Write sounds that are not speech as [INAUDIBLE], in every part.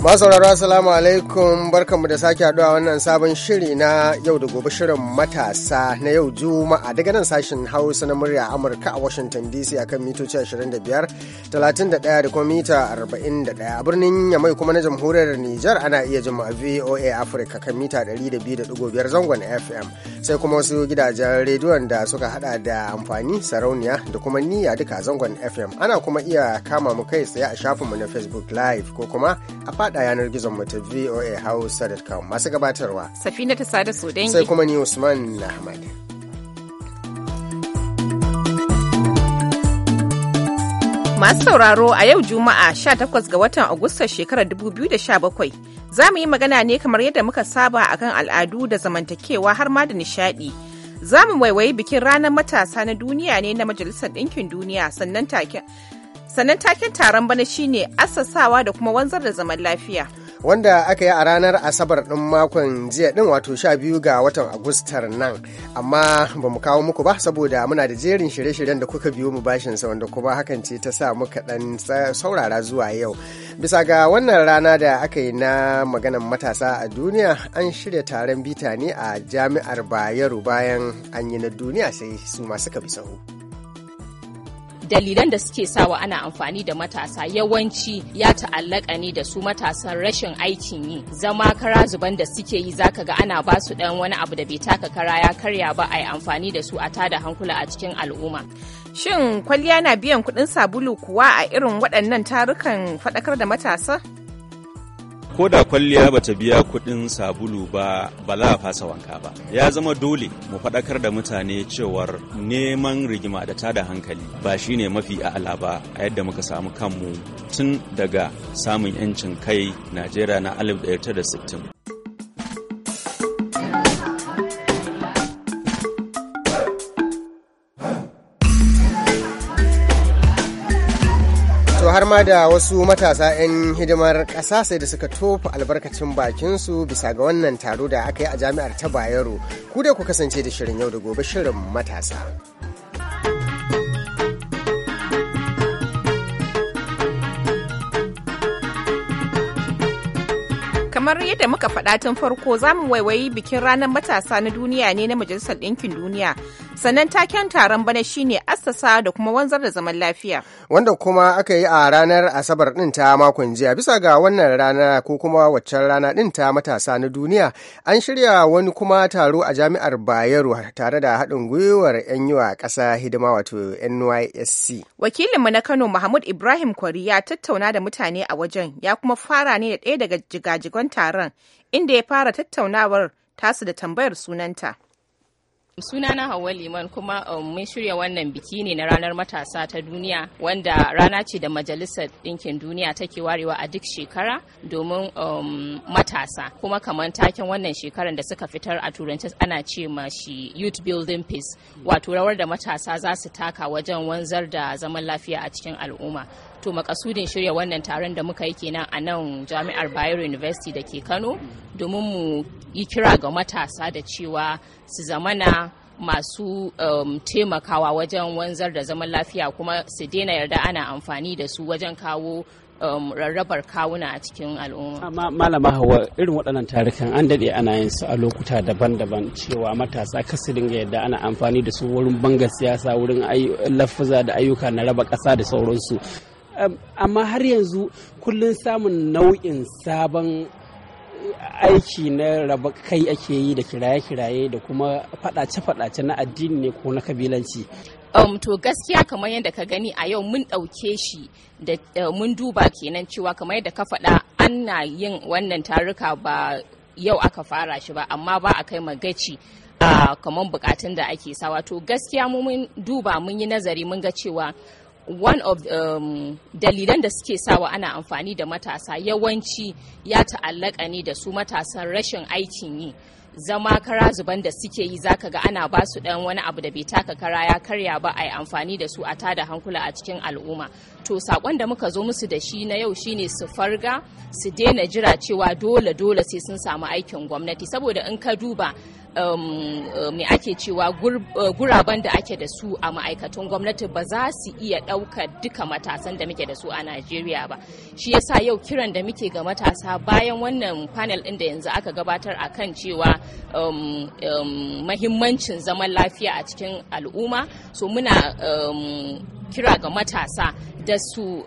masauraro asalamu alaikum barkanmu da sake haɗuwa wannan sabon shiri na yau da gobe shirin matasa na yau juma'a daga nan sashen hausa na murya amurka a washington dc akan mitoci 25 31 da kuma mita 41 a birnin yamai kuma na jamhuriyar nijar ana iya jima'a, voa africa kan mita 102.5 zangon fm sai kuma wasu gidajen rediyon da suka hada da amfani sarauniya da kuma niyya duka zangon fm ana kuma iya kama mu kai tsaye a shafinmu na facebook live ko kuma a fada yanar gizon mu ta voa hausa.com masu gabatarwa safina ta sada sai kuma ni usman ahmad Masu sauraro a yau Juma'a 18 ga watan Agusta shekarar 2017 za mu yi magana ne kamar yadda muka saba a kan al'adu da zamantakewa har ma da nishadi. Za mu waiwayi bikin ranar matasa na duniya ne na Majalisar Ɗinkin Duniya sannan taken taron bana shine assasawa da kuma wanzar da zaman lafiya. wanda aka yi a ranar asabar ɗin makon jiya ɗin wato sha biyu ga watan agustar nan amma ba mu kawo muku ba saboda muna da jerin shirye-shiryen da kuka biyo mu bashin sa wanda kuma hakan ce ta sa muka ɗan saurara zuwa yau bisa ga wannan rana da aka yi na maganan matasa a duniya an shirya taron bita ne a jami'ar bayero bayan an yi na duniya sai su ma suka bi sahu. dalilan da suke sawa ana amfani da matasa yawanci ya ta'allaka ne da su matasan rashin aikin yi zama kara zuban da suke yi zaka ga ana ba su dan wani abu da bai taka kara ya karya ba a yi amfani da su a tada hankula a cikin al'umma shin kwalliya na biyan kuɗin sabulu kuwa a irin waɗannan tarukan faɗakar da matasa ko da kwalliya ba ta biya kuɗin sabulu ba ba za a fasa wanka ba ya zama dole mu faɗakar da mutane cewar neman rigima da tada hankali ba shi ne mafi a'ala ba a yadda muka samu kanmu tun daga samun 'yancin kai najeriya na 1960 har ma da wasu matasa 'yan hidimar ƙasa sai da suka tofa albarkacin bakinsu bisa ga wannan taro da aka yi a jami'ar ta Bayero. Ku da ku kasance da shirin yau da gobe shirin matasa. kamar yadda muka faɗa tun farko za mu waiwayi bikin ranar matasa na duniya ne na majalisar ɗinkin duniya sannan taken taron bana shine assasa da kuma wanzar da zaman lafiya wanda kuma aka yi a ranar asabar ɗin ta makon jiya bisa ga wannan rana ko kuma waccan rana ɗin ta matasa na duniya an shirya wani kuma taro a jami'ar bayero tare da haɗin gwiwar yan yiwa ƙasa hidima wato nysc wakilinmu na kano mahmud ibrahim kwari ya tattauna da mutane a wajen ya kuma fara ne da ɗaya daga jigajigan taron inda ya fara tattaunawar tasu da tambayar sunanta. sunana Hauwa Liman kuma um, mun shirya wannan biki ne na ranar matasa ta duniya wanda rana ce da majalisar ɗinkin duniya take warewa a duk shekara domin um, matasa kuma kamar taken wannan shekarar da suka fitar a turanci ana ce ma shi youth building peace wato rawar da matasa za su taka wajen wanzar da zaman lafiya a cikin al'umma to makasudin shirya wannan taron da muka yi kenan a nan jami'ar bayero university da ke kano domin mu yi kira ga matasa da cewa su zamana masu um, taimakawa wajen wanzar da zaman lafiya kuma su daina yarda ana amfani da su wajen kawo um, rarrabar kawuna a cikin al'umma. Amma ah, malama hawa irin waɗannan tarikan an daɗe ana yin su a lokuta daban-daban cewa matasa kasu dinga yadda ana amfani da su wurin banga siyasa wurin lafuza da ayyuka na raba ƙasa da sauransu. amma har yanzu kullum samun nau'in sabon aiki na raba kai ake yi da kiraye-kiraye da kuma faɗace-faɗace na addini ne ko na kabilanci um, to gaskiya kamar yadda ka gani a yau mun ɗauke shi da uh, mun duba kenan cewa kamar yadda ka faɗa ana yin wannan taruka ba yau aka fara shi ba amma ba a kai magaci uh, kamar bukatun da ake sawa to gaskiya mun duba mun yi nazari mun ga cewa one of um, dalilan da suke sawa ana amfani da matasa yawanci ya ta'allaka ne da su matasan rashin aikin yi zama kara zuban da suke yi zaka ga ana ba su dan wani abu da bai taka kara ya karya ba a yi amfani da su a ta da hankula a cikin al'umma to sakon da muka zo musu da shi na yau shine su farga su daina jira cewa dole dole sai sun samu aikin gwamnati saboda in ka duba Um, uh, me ake cewa uh, guraben da ake da su a ma'aikatan gwamnati ba za su iya ɗaukar duka matasan da muke da su a Najeriya ba. Shi yasa yau kiran da muke ga matasa bayan wannan panel ɗin da yanzu aka gabatar a kan cewa um, um, mahimmancin zaman lafiya a cikin al'umma so muna kira ga matasa da su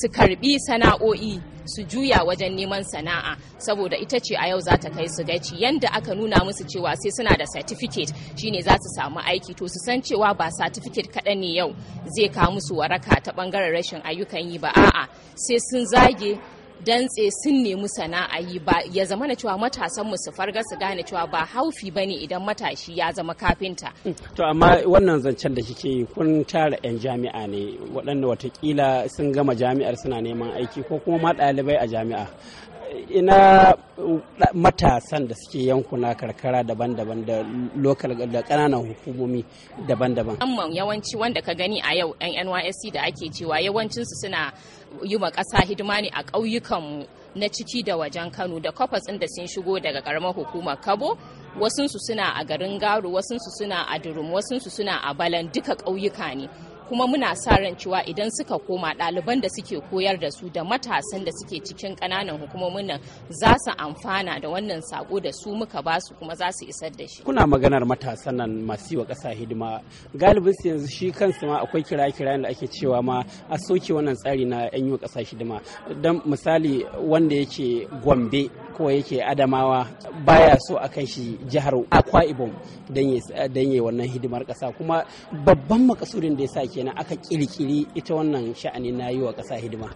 su karbi sana'o'i su juya wajen neman sana'a saboda ita ce a yau za ta kai su gaci yanda aka nuna musu cewa sai suna da certificate shine za su samu aiki to su san cewa ba certificate kaɗan ne yau zai kawo musu waraka ta ɓangaren rashin ayyukan yi ba a'a sai sun zage dantse sun nemi sana'a yi ba ya zama na cewa matasan mu su farga su gane cewa ba haufi ba ne idan matashi ya zama kafinta. Mm, to amma wannan zancen da kike yi kun tara 'yan jami'a ne waɗanda watakila sun gama jami'ar suna neman aiki ko kuma ma ɗalibai a jami'a. ina matasan da suke yankuna karkara daban-daban da lokal da kananan hukumomi daban-daban. amma yawanci wanda ka gani a yau 'yan NYSC da ake cewa yawancinsu suna yi ma ƙasa hidima ne a ƙauyukanmu na ciki da wajen kano da kwafas ɗin da sun shigo daga ƙaramar hukumar kabo wasunsu suna a garin garu wasunsu suna a durum wasunsu suna a balan duka ƙauyuka ne kuma muna sa ran cewa idan suka koma ɗaliban da suke koyar da su da matasan da suke cikin ƙananan hukumomin nan za su amfana da wannan sako da su muka ba su kuma za su isar da shi kuna maganar matasan nan masu wa ƙasa hidima galibin su yanzu shi kansu ma akwai kira-kiran da ake cewa ma a soke wannan tsari na yan yi wa ƙasa hidima don misali wanda yake gombe ko yake adamawa baya so a kan shi jihar akwa ibom don yi wannan hidimar ƙasa kuma babban makasurin da ya sa ke kenan aka kirkiri ita wannan sha'ani na yi wa ƙasa hidima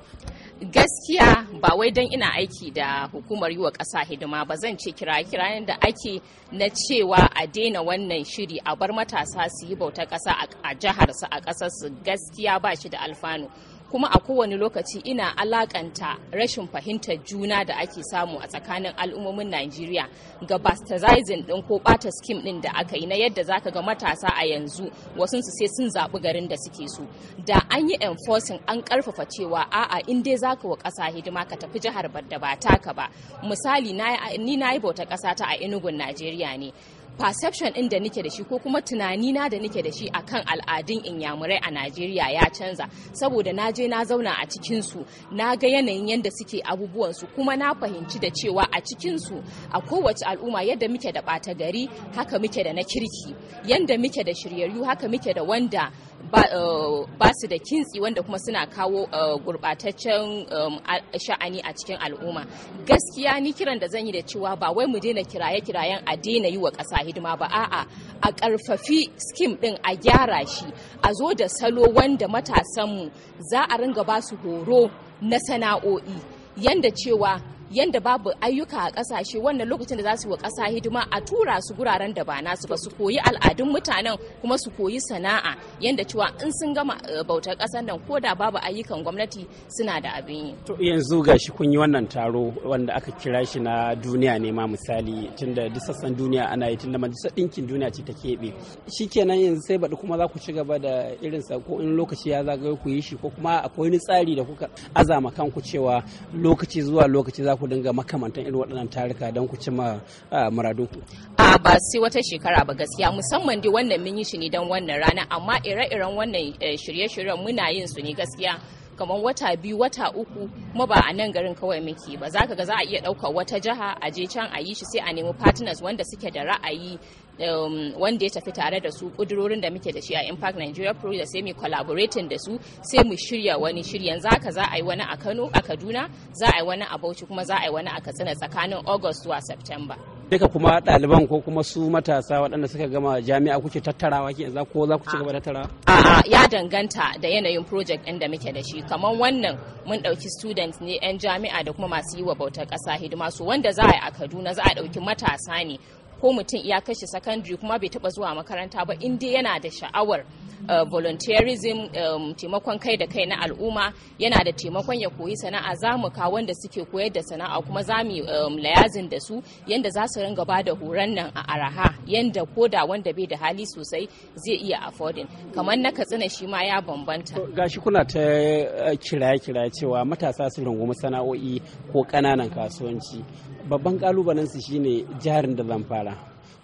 gaskiya ba wai don ina aiki da hukumar yi wa ƙasa hidima ba zan ce kira kirayen da ake na cewa a daina wannan shiri a bar matasa su yi bauta ƙasa a jihar su a su gaskiya ba shi da alfanu kuma a kowane lokaci ina alakanta rashin fahimtar juna da ake samu a tsakanin al'ummomin Najeriya ga bastazizing din ko bata skim din da aka yi na yadda zaka ga matasa a yanzu wasu su sai sun zaɓi garin da suke so da an yi enforcing an karfafa cewa a'a in dai zaka wa ƙasa hidima ka tafi jihar badda ba taka ba misali ni na yi bauta ƙasa ta a Enugu Najeriya ne perception ɗin da nake da shi ko kuma tunanina da nake da shi akan al'adun inyamurai a Najeriya ya canza saboda na je na zauna a cikin su na ga yanayin yadda suke abubuwan su kuma na fahimci da cewa a cikin su a kowace al'umma yadda muke da ɓata gari haka muke da na kirki yadda muke da shiryayyu haka muke da wanda Eh, ba su da kintsi wanda kuma suna kawo eh, gurbataccen eh, sha'ani a cikin al'umma gaskiya ni kiran da zan yi da cewa ba wai mu daina kiraye-kirayen a daina yi wa ƙasa hidima ba a'a a ƙarfafi skim ɗin a gyara shi a zo da salo wanda matasanmu za a ringa ba su horo na sana'o'i yanda cewa yanda babu ayyuka a kasashe wannan lokacin da za su wa kasa hidima a tura su guraren da ba nasu ba su koyi al'adun mutanen kuma su koyi sana'a yanda cewa in sun gama eh, bautar kasar nan ko da babu ayyukan gwamnati suna da abin yi. To yanzu shi kun yi wannan taro wanda aka kira shi na duniya ne ma misali tunda da sassan duniya ana yi tunda majalisar ɗinkin duniya ce ta keɓe. Shikenan yanzu sai baɗi kuma za ku ci gaba da irin ko in lokaci ya zagaye ku yi shi ko kuma akwai wani tsari da kuka azama kanku cewa lokaci zuwa lokaci za kudin ku dinga makamantan irin waɗannan tarika don ku cima ah, ku. A ba sai wata shekara ba gaskiya musamman dai wannan mun yi shi ne don wannan rana amma ire-iren wannan eh, shirye-shiryen muna yin su ne gaskiya kamar wata biyu wata uku kuma ba a nan garin kawai muke ba za ka ga za a iya ɗaukar wata jiha a je can a yi shi sai a nemi partners wanda suke da ra'ayi Um, wanda ya tafi tare da su kudurorin da muke da shi a impact nigeria da sai mu collaborating da su sai mu shirya wani shiri yanzu haka za a yi wani a kano a kaduna za a yi wani a bauchi kuma za a yi wani a katsina tsakanin august zuwa september duka kuma ɗaliban ko kuma su matasa waɗanda suka gama jami'a kuke tattarawa ke za ko za ku ci gaba tattarawa? A'a ya danganta da yanayin project ɗin da muke da shi kamar wannan mun ɗauki students ne 'yan jami'a da kuma masu yi wa bautar ƙasa hidima su wanda za a yi a Kaduna za a ɗauki matasa ne ko mutum ya kashe secondary kuma bai taba zuwa makaranta ba in yana da sha'awar uh, volunteerism um, taimakon kai da kai na al'umma yana da taimakon ya koyi sana'a za mu kawo wanda suke koyar da sana'a kuma za mu um, layazin da su yanda za su ringa ba da horon nan a araha yanda da wanda bai da hali sosai zai iya affording kamar na katsina shi ma ya bambanta gashi kuna ta uh, kiraye-kiraye cewa matasa su rungumi sana'o'i ko kananan kasuwanci babban kalubalen su shine jarin da zan fara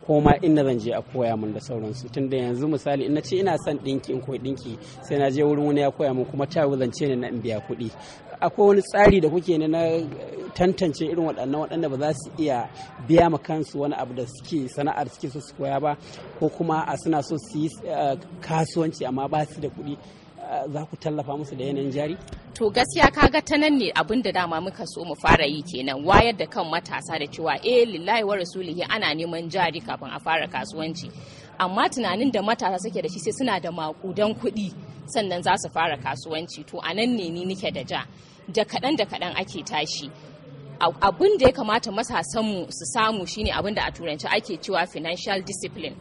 ko ma inda zan je a koya min da sauransu tunda yanzu misali in ce ina son dinki in koyi dinki sai na je wurin wani ya koya min kuma ta ce ne na in biya kuɗi akwai wani tsari da kuke ne na tantance irin waɗannan waɗanda ba za su iya biya ma kansu wani abu da suke sana'ar suke so su koya ba ko kuma a suna so su yi eh, kasuwanci amma ba su da kuɗi za ku tallafa musu da yanayin jari? To gaskiya kaga ta nan ne abin da dama muka so mu fara yi kenan wayar da kan matasa da cewa eh lillahi wa rasulihi ana neman jari kafin a fara kasuwanci. Amma tunanin da matasa suke da shi sai suna da makudan kuɗi sannan za su fara kasuwanci to a nan ne ni nike da ja. Da kaɗan da kaɗan ake tashi. abin da ya kamata matasanmu su samu shine abin da a turanci ake cewa financial discipline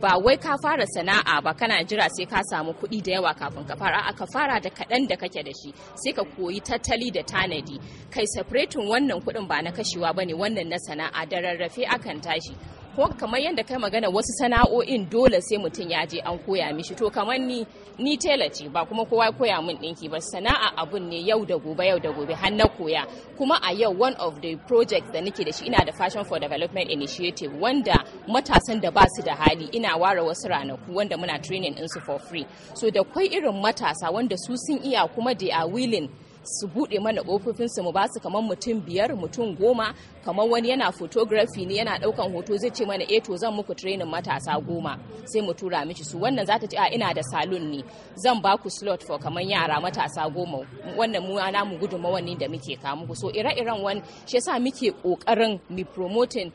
ba wai ka fara sana'a ba kana jira sai ka samu kuɗi da yawa kafin ka fara a'a ka fara da kaɗan da kake da shi sai ka koyi tattali da tanadi kai separating wannan kuɗin ba na kashewa bane wannan na sana'a da rarrafe akan tashi ko kamar yadda kai magana wasu sana'o'in dole sai mutum ya je an koya mishi to kamar ni ni tela ce ba kuma kowa koya min ɗinki ba sana'a abun ne yau da gobe yau da gobe har na koya kuma a yau one of the projects da nake da shi ina da fashion for development initiative wanda matasan da ba su da hali ina ware wasu ranaku wanda muna training insu for free so da kwai irin matasa wanda su sun iya kuma they are willing su buɗe mana ofofinsu mu ba su kamar mutum biyar mutum goma kamar wani yana photography ne yana ɗaukan hoto zai ce mana eh to zan muku training matasa goma sai mu tura miki su wannan za ta ce a ah, ina da salon ne zan ba ku slot for kamar yara matasa goma wannan mu ana mu gudu ne da muke kawo muku so ire-iren wani shi yasa muke ƙoƙarin mu promoting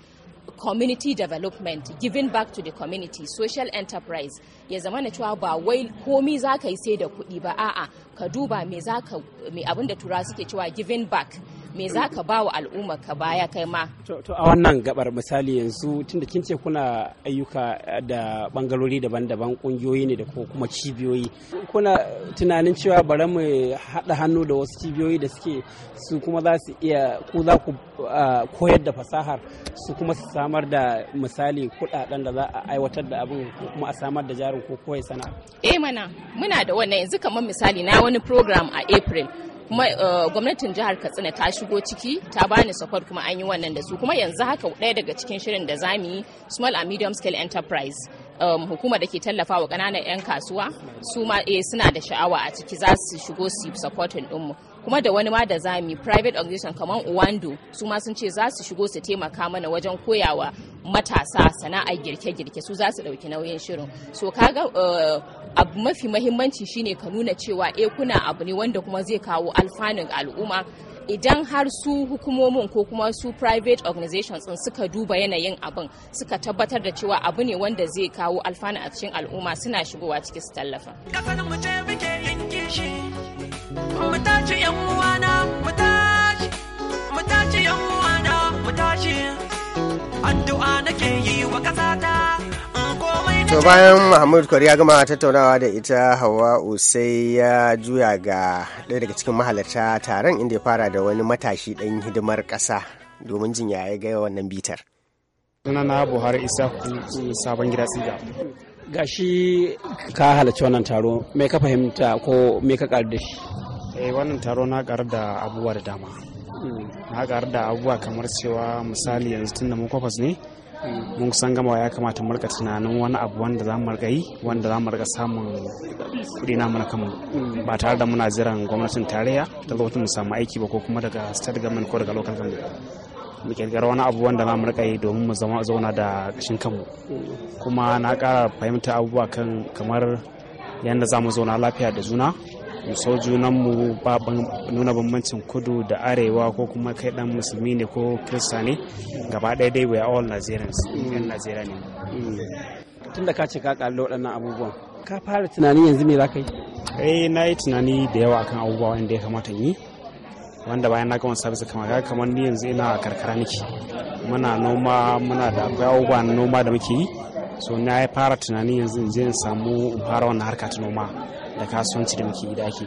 community development giving back to the community social enterprise ya zama na cewa ba wai komi za ka yi sai da kuɗi ba a'a ka duba me abin da tura suke cewa giving back me za ka ba wa al'umma ka baya kai ma to a wannan gabar misali yanzu tunda kin ce kuna ayyuka da bangarori daban-daban kungiyoyi ne da kuma cibiyoyi kuna tunanin cewa bari mu haɗa hannu da wasu cibiyoyi da suke su kuma za su iya ku za ku koyar da fasahar su kuma su samar da misali kuɗaɗen da za a aiwatar da abin ko kuma a samar da jarin ko koyar sana'a eh mana muna da wannan yanzu kamar misali na wani program a april kuma eh, gwamnatin jihar katsina ta shigo ciki ta bani support kuma an yi wannan da su kuma yanzu haka ɗaya daga cikin shirin da za mu yi small and medium scale enterprise um, hukuma da ke tallafa wa ƙananan 'yan kasuwa su ma eh, suna da sha'awa a ciki za su shigo su supporting ɗinmu kuma da wani ma da zami private organization kamar uwando su ma sun ce za su shigo su taimaka mana wajen koyawa matasa sana'ar girke-girke su za su ɗauki nauyin shirin so kaga eh, abu mafi mahimmanci shine ka nuna cewa eh kuna abu ne wanda kuma zai kawo alfanun al'umma idan har su hukumomin ko kuma su private organizations din suka duba yanayin abin suka tabbatar da cewa abu ne wanda zai kawo alfanu a cikin al'umma suna shigowa ciki su tallafa. mu tashi yan uwana mu tashi mu uwana mu addu'a nake yi wa ta. to bayan mahmud kwari ya gama tattaunawa da ita hawa sai ya juya ga ɗaya daga cikin mahalarta taron inda ya fara da wani matashi ɗan hidimar ƙasa domin jin yaya ga wannan bitar sunana buhari isa sabon gida tsiga gashi ka halarci wannan taro me ka fahimta ko me ka karu da shi eh wannan taro na karu da abubuwa da dama mm. na karu da abubuwa kamar cewa misali yanzu tun da mun kwafas ne mm. mun kusan gama ya kamata mu rika tunanin wani abu wanda za mu rika yi wanda za mu rika samun kuɗi na mana kanmu mm. ba tare da muna jiran gwamnatin tarayya ta gwamnatin mu samu aiki ba ko kuma daga state government ko daga local government mu kirkira wani abu wanda za mu rika yi domin mu zama zauna da kashin kanmu kuma na ƙara fahimta abubuwa kan kamar yadda za mu zauna lafiya da juna mu so junanmu ba nuna bambancin kudu da arewa ko kuma kai dan musulmi ne ko kirista ne gaba ɗaya dai we all Nigerians yan Najeriya ne tun da ka ce ka kallo waɗannan abubuwan ka fara tunani yanzu me za ka yi eh na yi tunani da yawa akan abubuwa wanda ya kamata yi wanda bayan na gama sabis kamar kamar ni yanzu ina karkara nake muna noma muna da akwai abubuwa noma da muke yi so na ya fara tunani yanzu je in samu in fara wannan harka ta noma da kasuwanci da muke yi da ake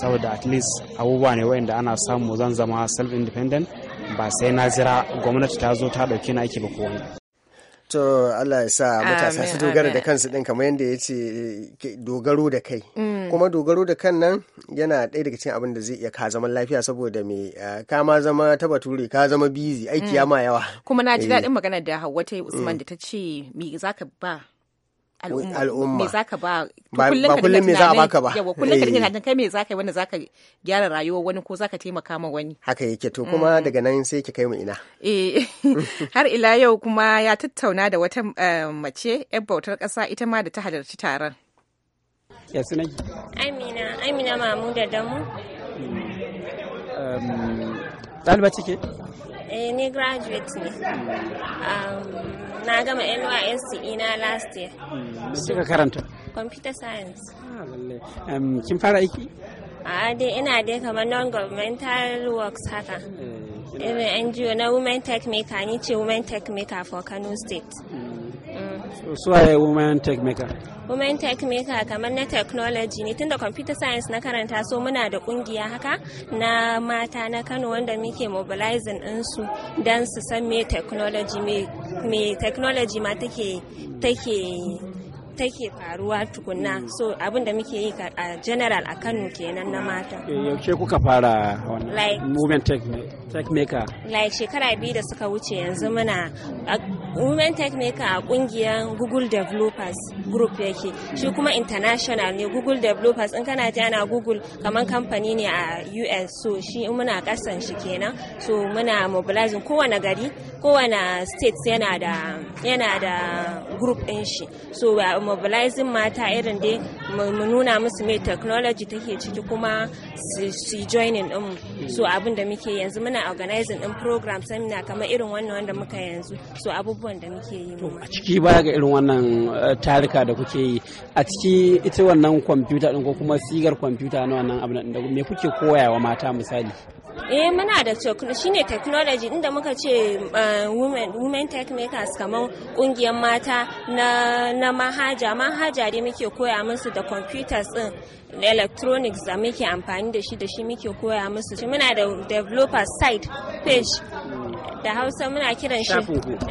saboda at least abubuwa ne wayanda ana samu zan zama self independent ba sai na jira gwamnati ta zo ta dauke na ake ba ko wani to Allah ya sa matasa su dogara da kansu din kamar yadda ya ce dogaro da kai mm. Mm. kuma dogaro da kan nan yana ɗaya daga cikin abin da zai iya ka zaman lafiya saboda me eh, ka ma zama taba ture ka zama bizi aiki mm. ya ma yawa kuma na ji eh. daɗin magana da Hauwa ta Usman mm. da ta ce me zaka ba al'umma me zaka ba ba kullum me za a baka ba yawa kullum ka eh. tunanin kai me zaka yi wanda ka gyara rayuwar wani ko zaka taimaka ma wani haka yake to kuma daga nan sai ki kai mu ina eh [LAUGHS] har ila yau kuma ya tattauna da wata mace yar bautar ƙasa ita ma da ta halarci taron ya ki amina amina mamu da damu mm. um, ɗaliba cike eh ni graduate ne um, na gama nysc ina e last year suka mm, karanta computer science ah, um, kin fara aiki a dai ina dai kamar non-governmental works haka eh, irin ngo na women tech maker ni ce women tech maker for kano state mm. so a woman tech maker women tech maker kamar na technology ne tunda computer science na karanta so muna da kungiya haka na mata na kano wanda muke mobilizing ɗinsu don su san me technology me technology ma take take take faruwa tukunna mm. so abin da muke yi a general a Kano kenan na mata eh, yaushe kuka fara wannan tech maker like shekara biyu da suka wuce yanzu muna women tech maker a kungiyar google developers group yake shi mm. kuma international ne google developers in kana ji ana google kamar kamfani ne a us so shi muna kasan shi kenan so muna mobilizing kowane gari kowane state yana da yana da group din shi so mobilizing mata irin dai mu nuna musu mai technology take ciki kuma su joining din mu so abin da muke yanzu muna organizing din program seminar kamar irin wannan wanda muka yanzu so abubuwan da muke yi a ciki baya ga irin wannan eh, tarika da kuke yi a ciki ita wannan computer din ko kuma sigar computer na wannan abin da me kuke koyawa mata misali eh muna da shine technology inda muka ce eh, women tech makers kamar kungiyar mata na mahaja mahaja dai muke koya musu da computers din electronics da muke amfani da shi da shi muke koya musu muna da developer site page da hausa muna kiran shi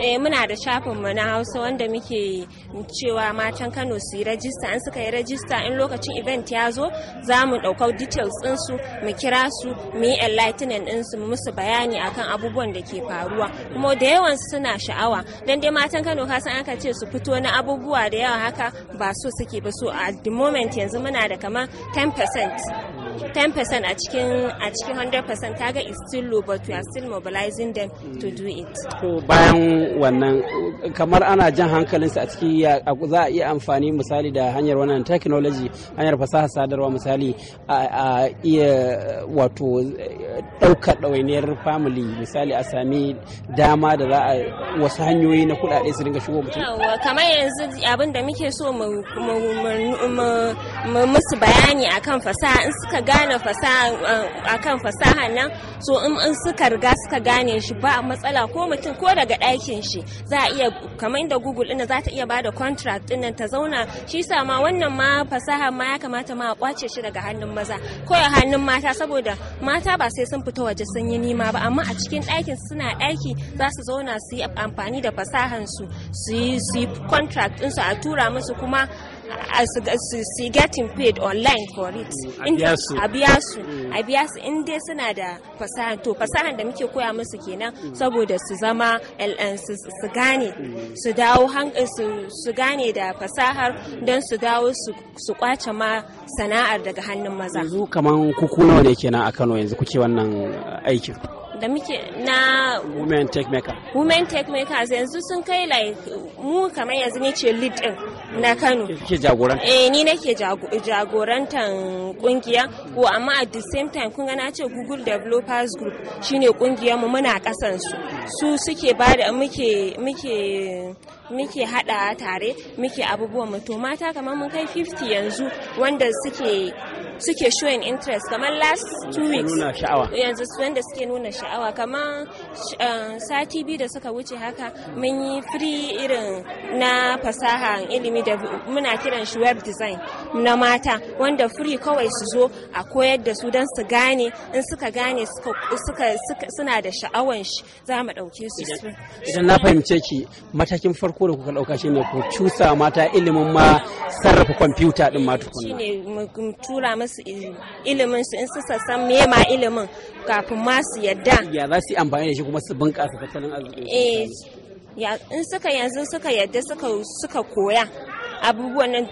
eh muna da shafin mu na hausa wanda muke cewa matan Kano su yi rajista an suka yi rajista in lokacin event ya zo za mu ɗaukau details din su mu kira su mu yi enlightening din su musu bayani akan abubuwan da ke faruwa kuma da yawan suna sha'awa dan dai matan Kano ka san aka ce su fito na abubuwa da yawa haka ba so suke ba so a the moment yanzu muna da kamar 10%. 10% a cikin a cikin 100% kaga is still low but we are still mobilizing them to do it to bayan wannan kamar ana jan hankalin su a ciki za a iya amfani misali da hanyar wannan technology hanyar fasaha sadarwa misali a iya wato ɗauka dawainiyar family misali a sami dama da za a wasu hanyoyi na kudade su dinga shigo mutum kamar yanzu abin da muke so mu musu bayani akan fasaha in suka gane eh, akan fasaha nan so in suka riga suka gane shi ba matsala ko mutum ko daga ɗakin shi za a iya kamar inda google ina za ta iya bada contract ɗin ta zauna shi sa ma wannan ma fasaha ma ya kamata ma a kwace shi daga hannun maza ko a hannun mata saboda mata ba sai sun fita waje sun yi nima ba amma a cikin ɗakin suna ɗaki za su zauna su yi amfani da fasahan su su yi contract ɗinsu a tura musu kuma su getting paid online for it mm, a biya mm. in dai suna da fasaha to fasahan da muke koya musu kenan mm. saboda su zama eh, su gane su dawo eh, su gane da fasahar don su dawo su kwace ma sana'ar daga hannun maza yanzu kaman kuku nawa ne kenan a Kano yanzu kuke wannan aikin da muke na women tech maker women tech makers yanzu sun kai like mu kamar yanzu ni ce lead din na Kano ke jagoranta eh ni nake jagorantan kungiya ko amma at the same time kun ga na ce Google Developers Group shine kungiyar mu muna kasan su su suke bada da muke muke muke hada tare muke abubuwan mu to mata kamar mun kai 50 yanzu wanda suke suke showing interest kamar last two weeks yanzu wanda suke nuna sha'awa kamar eh, sati biyu da suka wuce haka mun yi free irin na fasaha ilimi da muna kiran shi web design na mata wanda free kawai su zo a koyar da su don su gane in suka gane suna da sha'awan shi za mu ɗauke su idan na fahimce ki matakin farko farko da kuka dauka shine ku cusa mata ilimin ma sarrafa kwamfuta din ma tukunna shine mu tura musu ilimin su in su san me ma ilimin kafin ma su yadda ya za su yi amfani da shi kuma su bunƙasa tattalin arziki eh in suka yanzu suka yadda suka suka koya abubuwan nan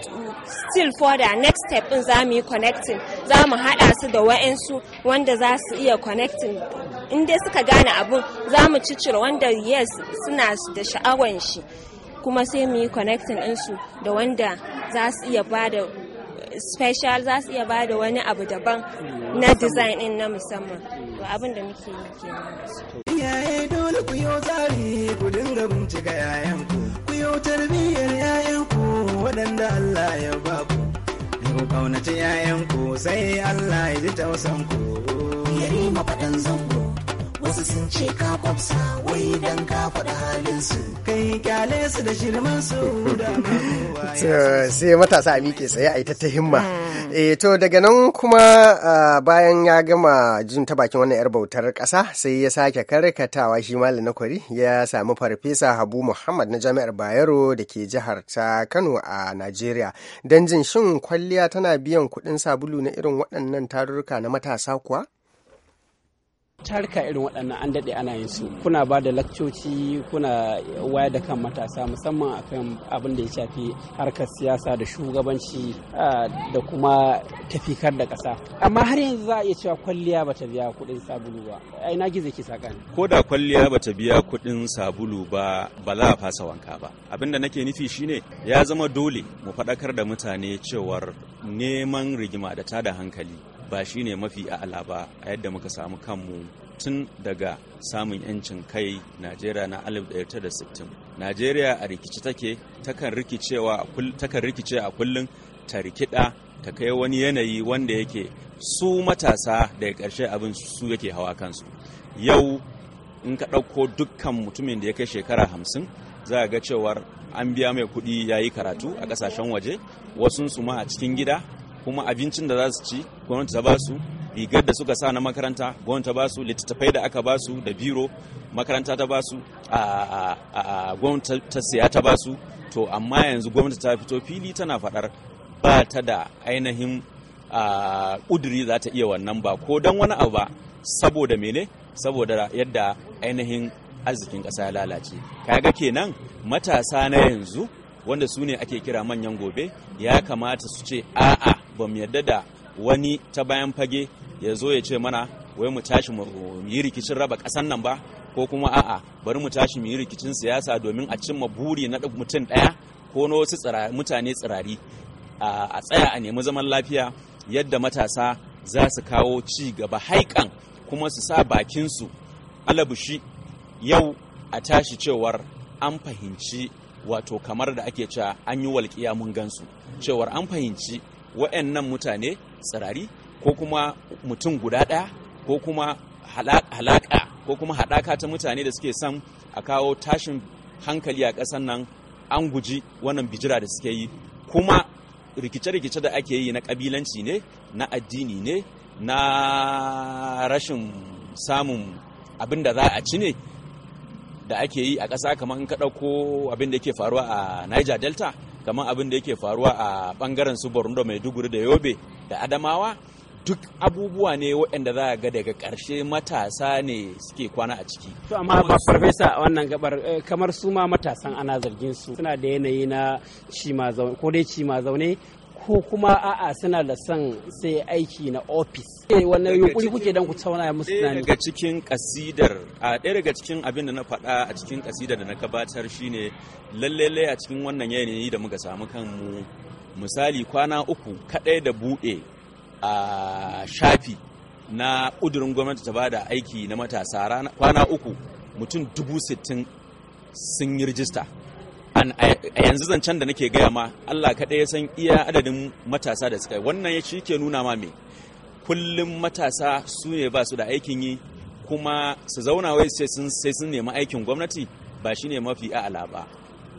still further next step din za mu yi connecting za mu haɗa su da wa'ansu wanda za su iya connecting in dai suka gane abun za mu cicira wanda yes suna da sha'awan shi kuma sai mu yi connecting ɗinsu da wanda za su iya ba da special za su iya ba da wani abu daban na design ɗin na musamman to abin da muke yi kenan iyaye dole ku yi tsari ku dinga bincika yayan ku ku yi tarbiyyar yayan ku waɗanda Allah ya ba ku ku kaunaci yayan ku sai Allah ya ji tausan ku yari mafaɗan zango wasu sun ce ka kwafsa wai dan ka faɗa halin su kai kyale sai matasa a miƙe tsaye a yi ta himma e to daga nan kuma ah, bayan ya gama jin ta bakin wannan yar bautar ƙasa sai ya sake karkatawa shi malam na kwari ya sami farfesa habu muhammad na jami'ar bayero da ke jihar ta kano a najeriya don jin shin kwalliya tana biyan kuɗin sabulu na irin waɗannan tarurruka na matasa kuwa Tarka irin waɗannan an daɗe ana yin su kuna ba da lakcoci kuna waya da kan matasa musamman akan abin da ya shafi harkar siyasa da shugabanci da kuma tafikar da ƙasa amma har yanzu za a iya cewa kwalliya ba ta biya kuɗin sabulu ba a ina gizo ke saƙa ne ko da kwalliya ba ta biya kuɗin sabulu ba ba za a fasa wanka ba abin da nake nufi shine ya zama dole mu faɗakar da mutane cewar neman rigima da tada hankali ba shi ne mafi a'ala ba a yadda muka samu kanmu tun daga samun 'yancin kai najeriya na 1960 najeriya a rikici take takan rikice a kullum ta rikida ta kai wani yanayi wanda yake su matasa daga ƙarshe abin su yake hawa kansu yau in ka ɗauko dukkan mutumin da ya kai shekara hamsin za a ga cewar an biya mai kuɗi ya yi karatu a ƙasashen waje wasunsu ma a cikin gida kuma abincin da za su ci gwamnati ta ba rigar da suka sa na makaranta gwamnati ta ba littattafai da aka basu da biro makaranta ta basu a gwamnati ta siya ta ba to amma yanzu gwamnati ta fito fili tana faɗar ba ta da ainihin kuduri za ta iya wannan ba ko don wani abu ba saboda mene saboda yadda ainihin arzikin ƙasa ya lalace kaga kenan matasa na yanzu wanda su ne ake kira manyan gobe ya kamata su ce a'a ba mu yadda da wani ta bayan fage ya zo ya ce mana wai mu tashi mu yi rikicin raba ƙasan nan ba ko kuma a'a bari mu tashi mu yi rikicin siyasa domin a cimma buri na mutum ɗaya ko na wasu mutane tsirari a tsaya a nemi zaman lafiya yadda matasa za su kawo ci gaba haikan kuma su sa bakinsu alabushi yau a tashi cewar an fahimci wato kamar da ake cewa an yi walƙiya mun gansu cewar an fahimci waɗannan mutane tsirari ko kuma mutum guda ɗaya ko kuma halaka ko kuma haɗaka ta mutane da suke son a kawo tashin hankali a ƙasar nan an guji wannan bijira da suke yi kuma rikice-rikice da ake yi na ƙabilanci ne na addini ne na rashin samun abin da za a ci ne da ake yi a ƙasa kamar in ka ɗauko abin da ke faruwa a niger delta kamar abin da yake faruwa a bangaren su borno maiduguri da yobe da adamawa duk abubuwa ne waɗanda za a ga daga ƙarshe matasa ne suke kwana a ciki. To amma ba farfesa wannan gabar eh, kamar su ma matasan ana zargin su suna da yanayi na ma zaune ko dai ma zaune ko kuma a'a suna da son sai aiki na ofis eh, wannan yunkuri kuke dan ku tauna musu daga cikin kasidar a ɗaya daga cikin abin da na faɗa a cikin kasidar da na gabatar shine lallele a cikin wannan yanayi da muka samu kanmu misali kwana uku kaɗai da buɗe a shafi na ƙudurin gwamnati ta bada aiki na matasa kwana uku mutum dubu sittin sun yi rijista a yanzu zancen da nake gaya ma Allah kaɗai ya san iya adadin matasa da suka yi wannan shi ke nuna ma me kullum matasa su ne ba su da aikin yi kuma su zauna wai sai sun nemi aikin gwamnati ba shi ne mafi a'ala ba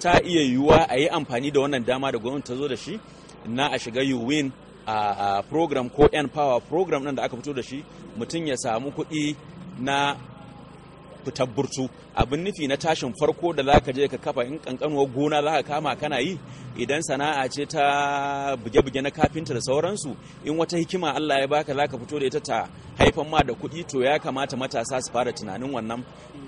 ta iya yiwuwa a yi amfani da wannan dama da gwamnati ta zo da shi na a shiga yuwin a program ko n power program nan da aka fito da shi mutum ya samu kuɗi na ku tabburtu abin nufi na tashin farko da zaka je ka kafa in kankanuwar gona zaka kama kana yi idan sana'a ce ta buge-buge na kafinta da sauransu in wata hikima Allah ya baka zaka fito da ita ta haifan ma da kuɗi to ya kamata matasa su fara tunanin wannan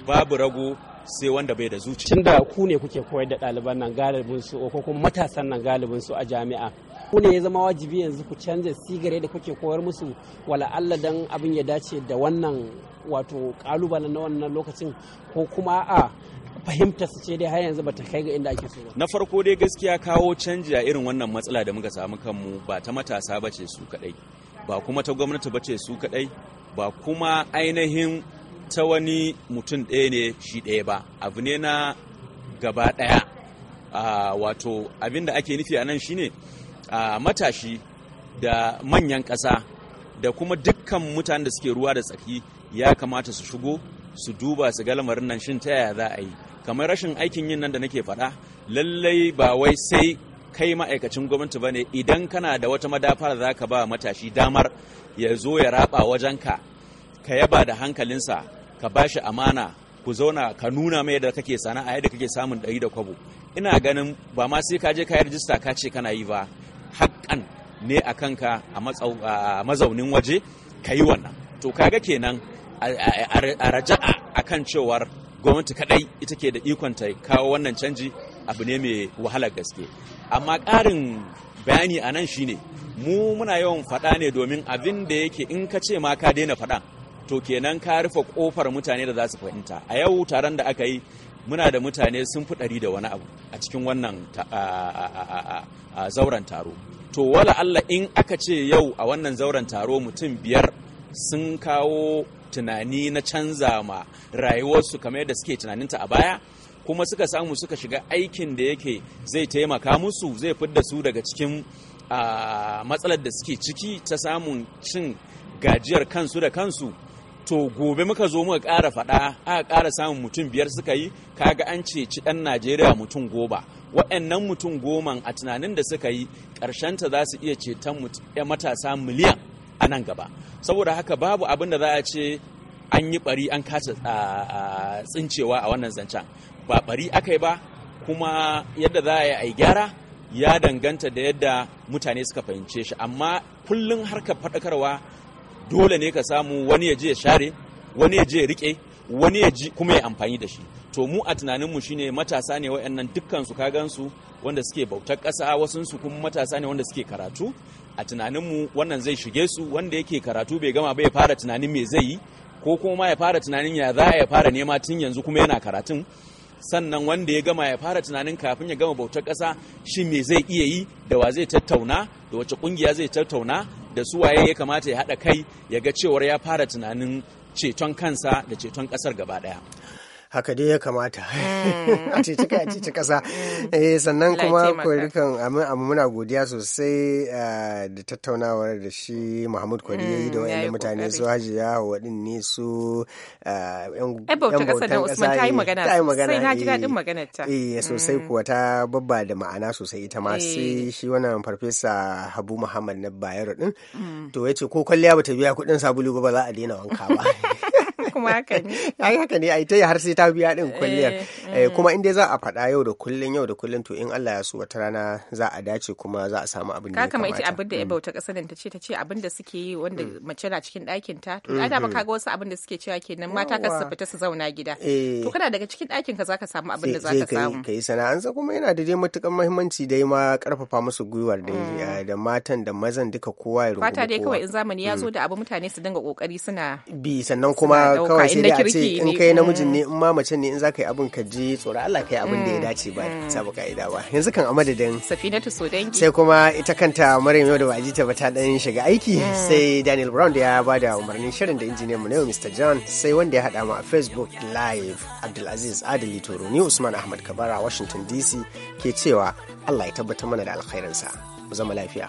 babu rago sai wanda bai da zuci. Tunda ku ne kuke koyar da ɗaliban nan galibinsu ko kuma matasan nan galibinsu a jami'a ku ne ya zama wajibi yanzu ku canza sigare da kuke koyar musu wala Allah dan abin ya dace da wannan wato kalubalen na wannan lokacin ko kuma a fahimta su ce dai har yanzu bata kai ga inda ake so na farko dai gaskiya kawo canji a irin wannan matsala da muka samu kanmu ba ta matasa bace su kadai ba kuma ta gwamnati bace su kadai ba kuma ainihin ta wani mutum ɗaya ne shi ɗaya ba abu ne na gaba ɗaya ah, wato abin da ake nufi a nan shine A matashi da manyan ƙasa da kuma dukkan mutanen da suke ruwa da tsaki ya kamata su shigo su duba su ga lamarin nan shin ta yaya za a yi kamar rashin aikin yin nan da nake faɗa lallai ba wai sai kai ma'aikacin gwamnati bane idan kana da wata madafa da za ka ba matashi damar ya zo ya raba wajen ka yaba da hankalinsa ka ba shi amana ku zauna ka nuna mai yadda kake sana'a yadda kake samun ɗari da kwabo ina ganin ba ma sai ka je ka yi rajista ka ce kana yi ba kan ne a kanka a mazaunin waje ka yi wannan to kaga kenan a raja'a a kan cewar gwamnati kadai ita ke da ikon ta kawo wannan canji abu ne mai wahalar gaske amma ƙarin bayani a nan shine mu muna yawan faɗa ne domin abin da yake in ka ce ma ka daina faɗa to kenan ka rufe kofar mutane da za su fahimta a yau taron da aka yi muna da mutane sun fi ɗari da wani abu a cikin wannan zauren taro to wala Allah in aka ce yau a wannan zauren taro mutum biyar sun kawo tunani na canza ma rayuwarsu kamar da suke tunaninta a baya kuma suka samu suka shiga aikin da yake zai taimaka musu zai fidda su daga cikin ah, matsalar da suke ciki ta samun cin gajiyar kansu da kansu to gobe muka zo muka ƙara faɗa aka ƙara samun mutum biyar suka yi kaga an ceci ɗan najeriya mutum goma wa'annan mutum goma a tunanin da suka yi ta za su iya ceton eh, matasa miliyan a nan gaba saboda haka babu abin da za a ce an yi bari an kasa tsincewa a wannan zancen ba bari aka yi ba kuma yadda za a yi gyara ya danganta da yadda mutane suka fahimce shi amma kullum harkar faɗakarwa dole ne ka samu wani ya je ya share wani ya je ya rike wani ya ji kuma ya amfani da shi to mu a tunaninmu shine matasa ne waɗannan dukkan su gansu wanda suke bautar ƙasa wasun su kuma matasa ne wanda suke karatu a tunaninmu wannan zai shige su wanda yake karatu bai gama bai fara tunanin me zai yi ko kuma ya fara tunanin ya za ya fara nema tun yanzu kuma yana karatun sannan wanda ya gama ya fara tunanin kafin ya gama bautar ƙasa shi me zai iya yi da wa zai tattauna da wace ƙungiya zai tattauna da su waye ya kamata ya haɗa kai ya ga cewar ya fara tunanin ceton kansa da ceton ƙasar gaba ɗaya haka dai ya kamata mm. [LAUGHS] a ceci kai a ceci kasa mm. eh, sannan kuma kwarikan amin muna godiya sosai eh, da tattaunawar da shi Muhammad Kwari ya yi da mm, wani mutane su hajiya waɗin ne su yan eh, bautan kasa ta yi magana sosai kuwa ta babba da ma'ana sosai ita ma sai shi wannan farfesa Habu Muhammad na Bayero din to ya ce ko kwalliya bata biya kuɗin sabulu ba ba za a daina wanka ba [LAUGHS] [LAUGHS] kuma haka ne [LAUGHS] ai haka ne ai ta har sai ta biya din kulliyar eh, eh, eh. kuma in dai za a faɗa yau da kullun yau da kullun to in Allah ya so wata rana za a dace kuma za a samu abin da ya kamata ita abin da ya mm. bauta kasar ta ce ta ce abin da suke yi wanda mm. mace na cikin ɗakin ta to ana ba mm-hmm. kaga wasu abin da suke cewa kenan mata kan su fita su zauna gida to kana daga cikin ɗakin ka zaka samu abin da zaka samu kai sana'ansa kuma yana da dai matukan muhimmanci dai ma karfafa musu gwiwar dai mm. da matan da mazan duka kowa ya rubuta fata dai kawai in zamani ya zo da abu mutane su dinga kokari suna bi sannan kuma kawai sai dai a ce in kai eh. namijin ne in ma mace ne in za ka yi abin ka ji tsoro Allah ka yi abin da ya mm. dace ba mm. sabu ka'ida ba yanzu kan a madadin safinatu so dangi sai kuma ita kanta maryam yau da ba ji ta ba ta dan shiga aiki mm. sai daniel brown da ya ba da umarnin shirin da injiniyan mu ne mr john sai wanda ya hada mu a facebook live abdulaziz adali toro ni usman ahmad kabara washington dc ke cewa allah ya tabbatar mana da alkhairinsa mu zama lafiya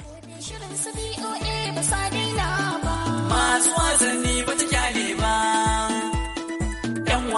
Masu wasanni ba ta